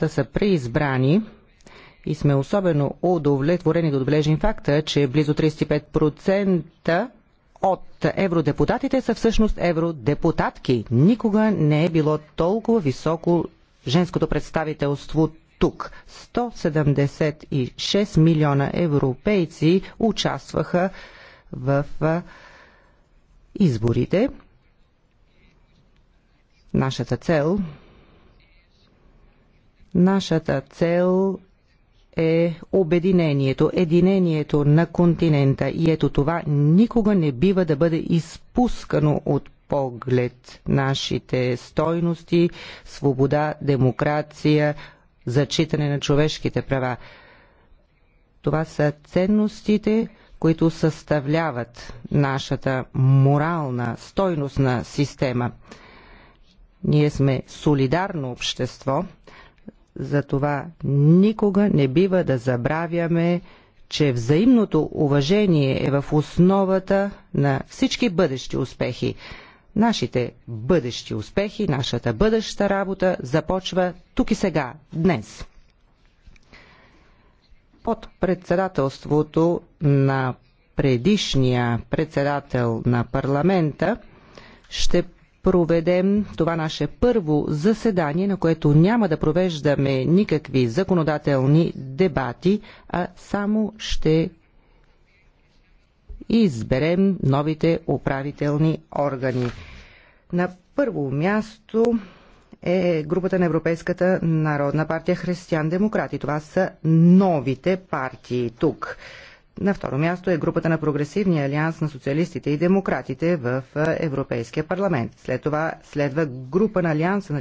децата са преизбрани и сме особено удовлетворени да отбележим факта, че близо 35% от евродепутатите са всъщност евродепутатки. Никога не е било толкова високо женското представителство тук. 176 милиона европейци участваха в изборите. Нашата цел Нашата цел е обединението, единението на континента и ето това никога не бива да бъде изпускано от поглед нашите стойности, свобода, демокрация, зачитане на човешките права. Това са ценностите, които съставляват нашата морална, стойностна система. Ние сме солидарно общество – затова никога не бива да забравяме, че взаимното уважение е в основата на всички бъдещи успехи. Нашите бъдещи успехи, нашата бъдеща работа започва тук и сега, днес. Под председателството на предишния председател на парламента ще проведем това наше първо заседание, на което няма да провеждаме никакви законодателни дебати, а само ще изберем новите управителни органи. На първо място е групата на Европейската народна партия Християн-демократи. Това са новите партии тук. На второ място е групата на Прогресивния алианс на социалистите и демократите в Европейския парламент. След това следва група на Алианса на